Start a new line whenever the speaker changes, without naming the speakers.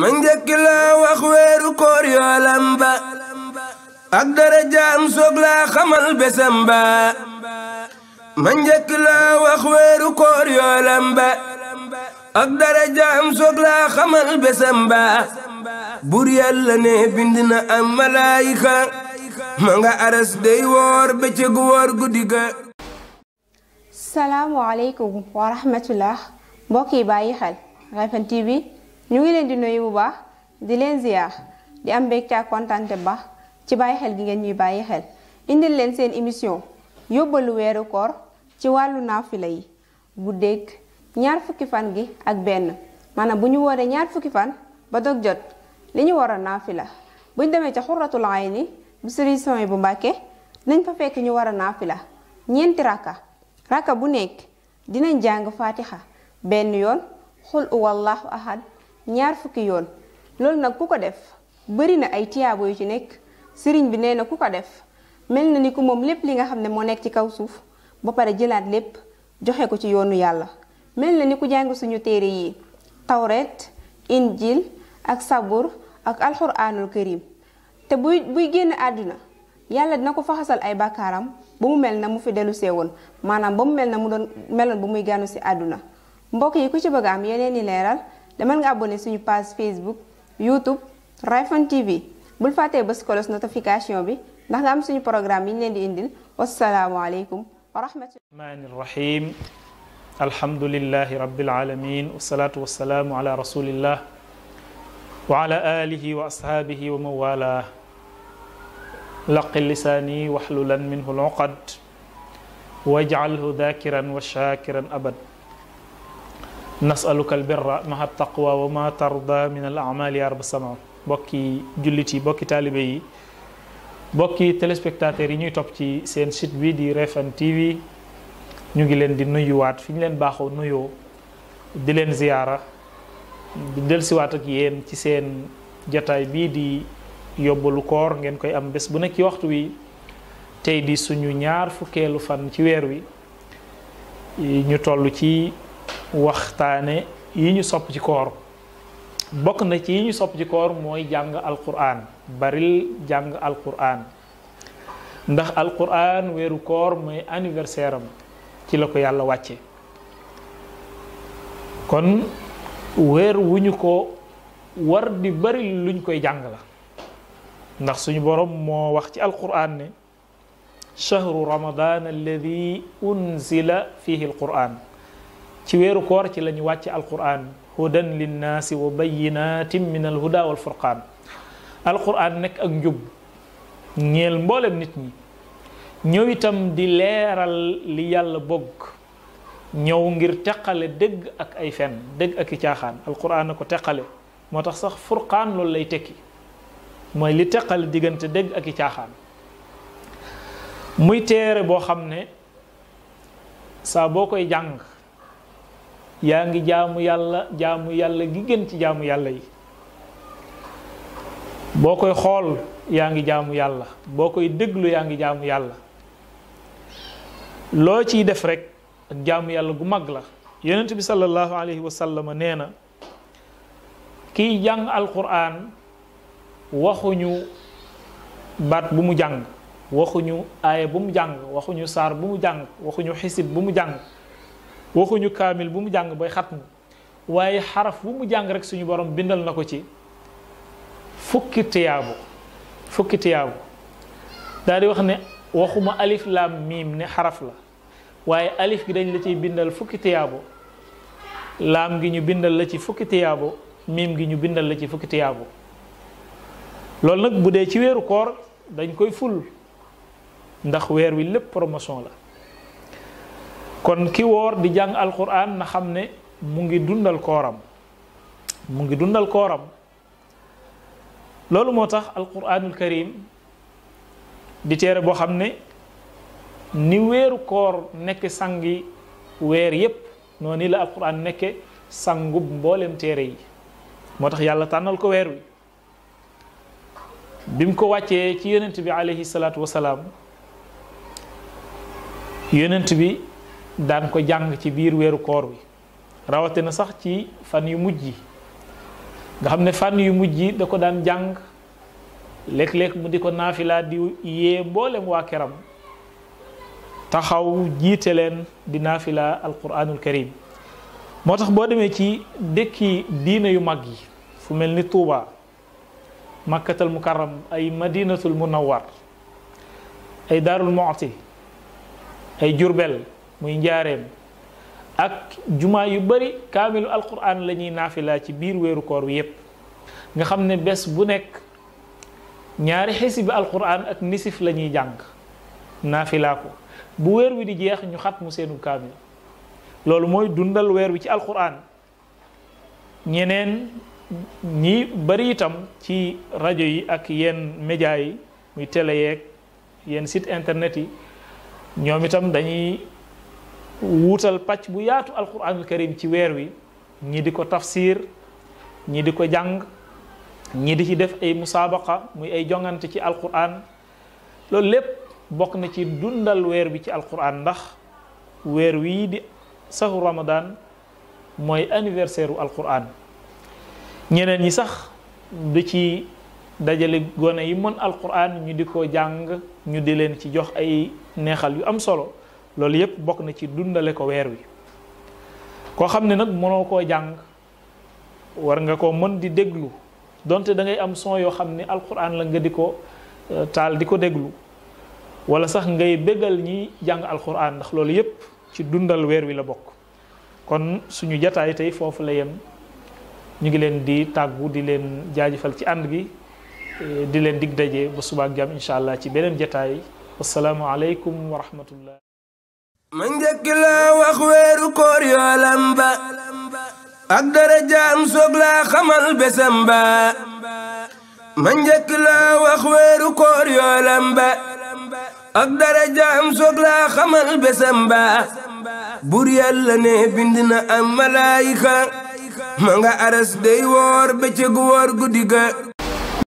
ma njëkk laa wax weeru koor yoolam ak darajaam soog laa xamal besam ba ma wax weeru koor yoolam ak darajaam soog laa xamal besam bur yàlla ne bind na am malaayika ma aras day woor bëccëgu woor guddi ga salaamu aleykum wa rahmatullah mbokk yi bàyyi xel ñu ngi leen di nuyu bu baax di leen ziar di am mbégte ak kontante bu ci bàyyi xel gi ngeen ñuy bàyyi xel indi leen seen émission yóbbalu weeru koor ci wàllu naafila yi bu guddeeg ñaar fukki fan gi ak benn maanaam bu ñu wooree ñaar fukki fan ba dog jot li ñu war a naafila bu ñu demee ca xuratul ayni bu yi bu Mbàkke nañ fa fekk ñu war a naafila ñeenti rakka rakka bu nekk dinañ jàng faatixa benn yoon xul uwallahu ahad ñaar fukki yoon loolu nag ku ko def bari na ay tiyaabo yu ci nekk sëriñ bi nee na ku ko def mel na ni ku moom lépp li nga xam ne moo nekk ci kaw suuf ba pare jëlaat lépp joxe ko ci yoonu yàlla mel na ni ku jàng suñu téere yi tawret injil ak sabur ak alxuraanul karim te buy buy génn àdduna yàlla dina ko faxasal ay bàkkaaram bu mu mel na mu fi dellu see woon maanaam ba mu mel na mu doon meloon ba muy gànnu si àdduna mbokk yi ku ci bëgg am yeneen i leeral te nga abonné suñu page Facebook YouTube Rayfan TV bul faté ba skolos notification bi ndax nga am suñu programme yi ñu leen di indil alaykum wa rahmatulah.
rahmaani rahim alhamdulilahi rabbil alamin wasalaatu wasalaamu ala rasulillah wa ala alihi wa ashaabihi wa mawala laqi lisaani waxlulan minhu luqad wajcalhu dakiran wa shaakiran nasaluka albirra maha taqwa wa ma tarda min al amali ya rabb sama bokki jullit yi bokki taalibe yi bokki téléspectateurs yi ñuy topp ci seen site bii di Refane TV ñu ngi leen di nuyuwaat fi ñu leen baaxoo nuyoo di leen ziyaara di delsiwaat ak yéen ci seen jataay bii di yóbbalu koor ngeen koy am bés bu nekk ci waxtu wi tey di suñu ñaar fukkeelu fan ci weer wi ñu toll ci waxtaane yi ñu sopp ci koor bokk na ci yi ñu sopp ci koor mooy jàng alquran baril jàng alquran ndax alquran weeru koor mooy anniversaire ci la ko yàlla wàcce kon weer wu ñu ko war di bari luñ koy jàng la ndax suñu boroom moo wax ci alquran ne chahru ramadan alladi unzila fihi alquran ci wéeru koor ci lañu wàcc alquran hudan linnaasi wa bayinatin min alhuda wal furqan alquran nek ak njub ñeel mboolem nit ñi ñëw itam di leeral li deg bogg ngir ak ay fen dëgg ak i alquran ko teqale moo tax sax furqaan loolu lay tekki mooy li teqale diggante dëgg ak i muy téere boo xam yaa ngi jaamu yàlla jaamu yàlla gi gën ci jaamu yàlla yi boo koy xool yaa ngi jaamu yàlla boo koy déglu yaa ngi jaamu yàlla loo ciy def rekk ak jaamu yàlla gu mag la yonent bi sallallahu alayhi wa sallam nee na kiy jàng alquran waxuñu baat bu mu jàng waxuñu aaya bu mu jàng waxuñu saar bu mu jàng waxuñu xisib bu mu jàng waxuñu kaamil bu mu jàng bay xatmu waaye xaraf bu mu jàng rek suñu boroom bindal na ko ci fukki tiyaabu fukki tiyaabu daal wax ne waxuma alif laam miim ne xaraf la waaye alif gi dañ la ciy bindal fukki tiyaabu laam gi ñu bindal la ci fukki tiyaabu miim gi ñu bindal la ci fukki loolu nag bu dee ci weeru koor dañ koy ful ndax weer wi lépp promotion la kon ki wor di jang alquran na xamne mu ngi dundal koram mu ngi dundal koram lolou motax alquranul karim di téré bo xamne ni wéru koor nek sangi wér yépp noni la alquran nek sangu mboolem téré yi motax yalla tanal ko wér wi bim ko wàccee ci yonent bi alayhi salatu wassalam yonent bi daan ko jàng ci biir weeru koor wi rawatina sax ci fan yu mujj yi nga xam ne fan yu mujj yi da ko daan jàng léeg-léeg mu di ko naafilaa di yee mboolem waa këram taxaw jiite leen di naafilaa alquranul karim moo tax boo demee ci dëkki diine yu mag yi fu mel ni Tuuba makkatal mukarram ay madinatul munawwar ay daarul mu'ti ay jurbel muy njaareem ak jumaa yu bari kaamilu alquran la ñuy naafilaa ci biir weeru koor wi yépp nga xam ne bés bu nekk ñaari xisbi alquran ak nisif lañuy jàng naafilaa ko bu weer wi di jeex ñu xat mu seenu kaamil loolu mooy dundal weer wi ci alquran ñeneen ñi bari itam ci rajo yi ak yenn média yi muy télé yeeg yenn sit internet yi ñoom itam dañuy wutal pàcc bu yaatu alquran alkarim ci weer wi ñi di ko tafsir ñi di ko jang, ñi di ci def ay musabaqa muy ay jongante ci alquran loolu lepp bok na ci dundal weer bi ci alquran ndax weer wi di sahur ramadan moy anniversaire Al alquran ñeneen ñi sax du ci dajale gone yi mon alquran ñu di ko jang, ñu di leen ci jox ay neexal yu am solo loolu yépp bokk na ci dundale ko weer wi koo xam ne nag mënoo koo jàng war nga ko mën di déglu donte da ngay am son yoo xam ne alquran la nga di ko euh, taal di ko déglu wala sax ngay bégal ñi jàng alquran ndax loolu yépp ci dundal weer wi la bokk kon suñu jataay tey foofu la yem ñu ngi leen di tàggu di leen jaajëfal ci ànd gi euh, di leen dig daje ba subaak jàmm inshallah ci beneen jataay wasalaamu aleykum wa rahmatullah
ma njëkk laa wax weeru koor yoolam ba ak darajaam soog xamal besam bur yàlla ne bind na malaayika ma aras day woor bëccëgu woor guddi ga